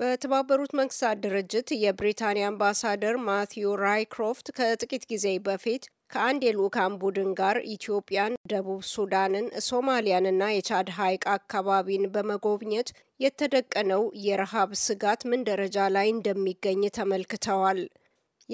በተባበሩት መንግስታት ድርጅት የብሪታንያ አምባሳደር ማቲዩ ራይክሮፍት ከጥቂት ጊዜ በፊት ከአንድ የልኡካን ቡድን ጋር ኢትዮጵያን፣ ደቡብ ሱዳንን፣ ሶማሊያንና የቻድ ሐይቅ አካባቢን በመጎብኘት የተደቀነው የረሃብ ስጋት ምን ደረጃ ላይ እንደሚገኝ ተመልክተዋል።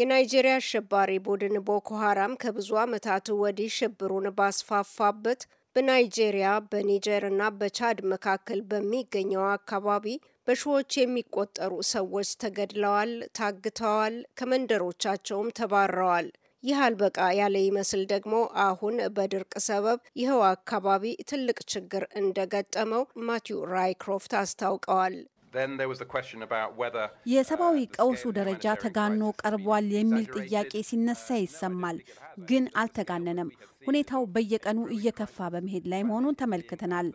የናይጄሪያ አሸባሪ ቡድን ቦኮ ሀራም ከብዙ ዓመታት ወዲህ ሽብሩን ባስፋፋበት በናይጄሪያ በኒጀር እና በቻድ መካከል በሚገኘው አካባቢ በሺዎች የሚቆጠሩ ሰዎች ተገድለዋል፣ ታግተዋል፣ ከመንደሮቻቸውም ተባረዋል። ይህ አልበቃ ያለ ይመስል ደግሞ አሁን በድርቅ ሰበብ ይኸው አካባቢ ትልቅ ችግር እንደገጠመው ማቲው ራይክሮፍት አስታውቀዋል። uh, የሰብአዊ ቀውሱ ደረጃ ተጋኖ ቀርቧል የሚል ጥያቄ ሲነሳ ይሰማል። ግን አልተጋነነም። ሁኔታው በየቀኑ እየከፋ በመሄድ ላይ መሆኑን ተመልክተናል።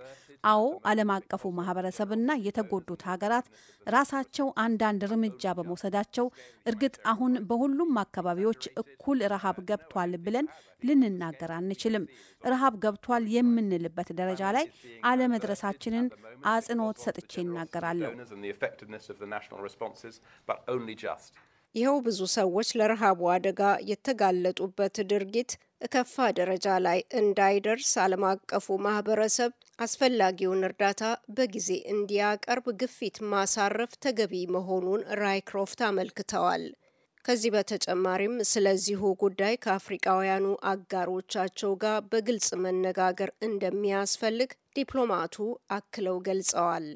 አዎ ዓለም አቀፉ ማህበረሰብና የተጎዱት ሀገራት ራሳቸው አንዳንድ እርምጃ በመውሰዳቸው እርግጥ አሁን በሁሉም አካባቢዎች እኩል ረሃብ ገብቷል ብለን ልንናገር አንችልም። ረሃብ ገብቷል የምንልበት ደረጃ ላይ አለመድረሳችንን አጽንኦት ሰጥቼ እናገራለሁ። ይኸው ብዙ ሰዎች ለረሃቡ አደጋ የተጋለጡበት ድርጊት እከፋ ደረጃ ላይ እንዳይደርስ ዓለም አቀፉ ማህበረሰብ አስፈላጊውን እርዳታ በጊዜ እንዲያቀርብ ግፊት ማሳረፍ ተገቢ መሆኑን ራይክሮፍት አመልክተዋል። ከዚህ በተጨማሪም ስለዚሁ ጉዳይ ከአፍሪቃውያኑ አጋሮቻቸው ጋር በግልጽ መነጋገር እንደሚያስፈልግ ዲፕሎማቱ አክለው ገልጸዋል።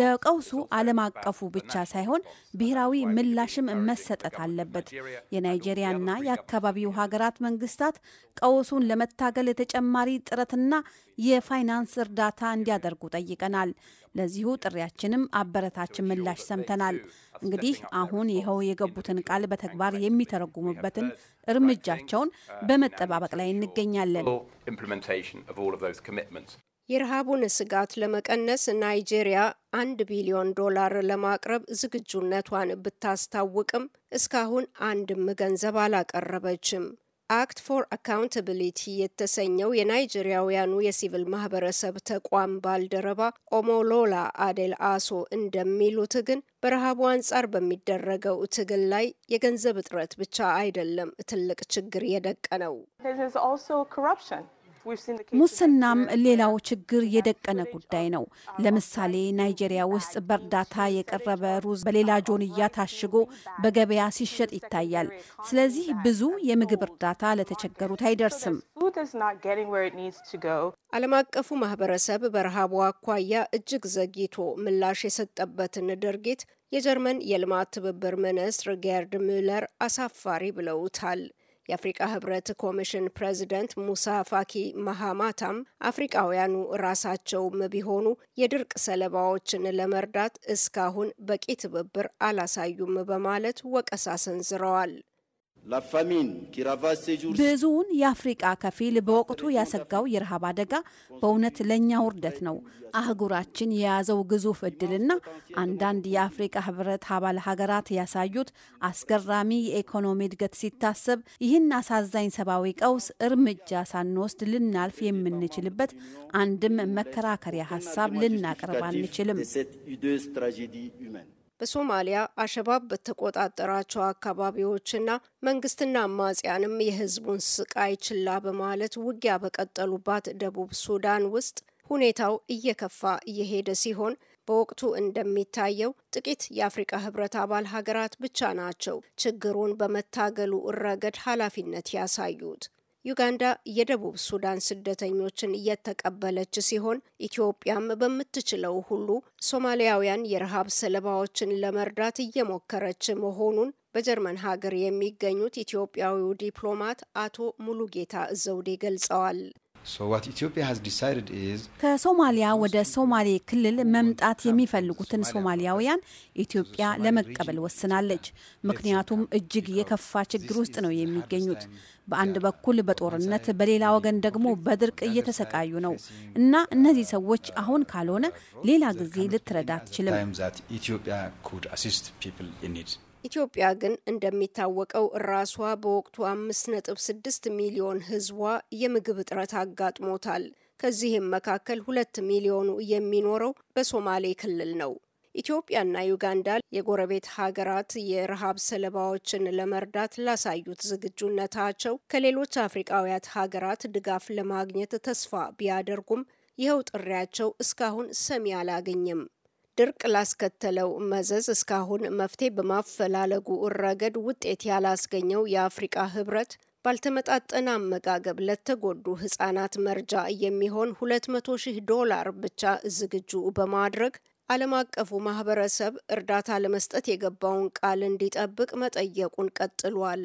ለቀውሱ ዓለም አቀፉ ብቻ ሳይሆን ብሔራዊ ምላሽም መሰጠት አለበት። የናይጄሪያና የአካባቢው ሀገራት መንግስታት ቀውሱን ለመታገል የተጨማሪ ጥረትና የፋይናንስ እርዳታ እንዲያደርጉ ጠይቀናል። ለዚሁ ጥሪያችንም አበረታች ምላሽ ሰምተናል። እንግዲህ አሁን ይኸው የገቡትን ቃል በተግባር የሚተረጉሙበትን እርምጃቸውን uh, በመጠባበቅ ላይ እንገኛለን። የረሃቡን ስጋት ለመቀነስ ናይጄሪያ አንድ ቢሊዮን ዶላር ለማቅረብ ዝግጁነቷን ብታስታውቅም እስካሁን አንድም ገንዘብ አላቀረበችም። አክት ፎር አካውንታቢሊቲ የተሰኘው የናይጄሪያውያኑ የሲቪል ማህበረሰብ ተቋም ባልደረባ ኦሞሎላ አዴል አሶ እንደሚሉት ግን በረሃቡ አንጻር በሚደረገው ትግል ላይ የገንዘብ እጥረት ብቻ አይደለም ትልቅ ችግር የደቀነው። ሙስናም ሌላው ችግር የደቀነ ጉዳይ ነው። ለምሳሌ ናይጄሪያ ውስጥ በእርዳታ የቀረበ ሩዝ በሌላ ጆንያ ታሽጎ በገበያ ሲሸጥ ይታያል። ስለዚህ ብዙ የምግብ እርዳታ ለተቸገሩት አይደርስም። ዓለም አቀፉ ማህበረሰብ በረሃቡ አኳያ እጅግ ዘግይቶ ምላሽ የሰጠበትን ድርጊት የጀርመን የልማት ትብብር ሚኒስትር ጌርድ ሚለር አሳፋሪ ብለውታል። የአፍሪቃ ህብረት ኮሚሽን ፕሬዚደንት ሙሳ ፋኪ መሃማታም አፍሪቃውያኑ ራሳቸውም ቢሆኑ የድርቅ ሰለባዎችን ለመርዳት እስካሁን በቂ ትብብር አላሳዩም በማለት ወቀሳ ሰንዝረዋል። ብዙውን የአፍሪቃ ከፊል በወቅቱ ያሰጋው የረሃብ አደጋ በእውነት ለእኛ ውርደት ነው። አህጉራችን የያዘው ግዙፍ እድልና አንዳንድ የአፍሪቃ ህብረት አባል ሀገራት ያሳዩት አስገራሚ የኢኮኖሚ እድገት ሲታሰብ ይህን አሳዛኝ ሰብአዊ ቀውስ እርምጃ ሳንወስድ ልናልፍ የምንችልበት አንድም መከራከሪያ ሀሳብ ልናቀርብ አንችልም። በሶማሊያ አሸባብ በተቆጣጠራቸው አካባቢዎችና መንግስትና አማጽያንም የህዝቡን ስቃይ ችላ በማለት ውጊያ በቀጠሉባት ደቡብ ሱዳን ውስጥ ሁኔታው እየከፋ እየሄደ ሲሆን በወቅቱ እንደሚታየው ጥቂት የአፍሪቃ ህብረት አባል ሀገራት ብቻ ናቸው ችግሩን በመታገሉ ረገድ ኃላፊነት ያሳዩት። ዩጋንዳ የደቡብ ሱዳን ስደተኞችን እየተቀበለች ሲሆን ኢትዮጵያም በምትችለው ሁሉ ሶማሊያውያን የረሃብ ሰለባዎችን ለመርዳት እየሞከረች መሆኑን በጀርመን ሀገር የሚገኙት ኢትዮጵያዊው ዲፕሎማት አቶ ሙሉጌታ ዘውዴ ገልጸዋል። ከሶማሊያ ወደ ሶማሌ ክልል መምጣት የሚፈልጉትን ሶማሊያውያን ኢትዮጵያ ለመቀበል ወስናለች። ምክንያቱም እጅግ የከፋ ችግር ውስጥ ነው የሚገኙት። በአንድ በኩል በጦርነት በሌላ ወገን ደግሞ በድርቅ እየተሰቃዩ ነው እና እነዚህ ሰዎች uh, አሁን ካልሆነ ሌላ ጊዜ ልትረዳ አትችልም። ኢትዮጵያ ግን እንደሚታወቀው ራሷ በወቅቱ አምስት ነጥብ ስድስት ሚሊዮን ህዝቧ የምግብ እጥረት አጋጥሞታል። ከዚህም መካከል ሁለት ሚሊዮኑ የሚኖረው በሶማሌ ክልል ነው። ኢትዮጵያና ዩጋንዳ የጎረቤት ሀገራት የረሃብ ሰለባዎችን ለመርዳት ላሳዩት ዝግጁነታቸው ከሌሎች አፍሪቃውያት ሀገራት ድጋፍ ለማግኘት ተስፋ ቢያደርጉም ይኸው ጥሪያቸው እስካሁን ሰሚ አላገኘም። ድርቅ ላስከተለው መዘዝ እስካሁን መፍትሄ በማፈላለጉ ረገድ ውጤት ያላስገኘው የአፍሪቃ ህብረት ባልተመጣጠነ አመጋገብ ለተጎዱ ህጻናት መርጃ የሚሆን 200 ሺህ ዶላር ብቻ ዝግጁ በማድረግ ዓለም አቀፉ ማህበረሰብ እርዳታ ለመስጠት የገባውን ቃል እንዲጠብቅ መጠየቁን ቀጥሏል።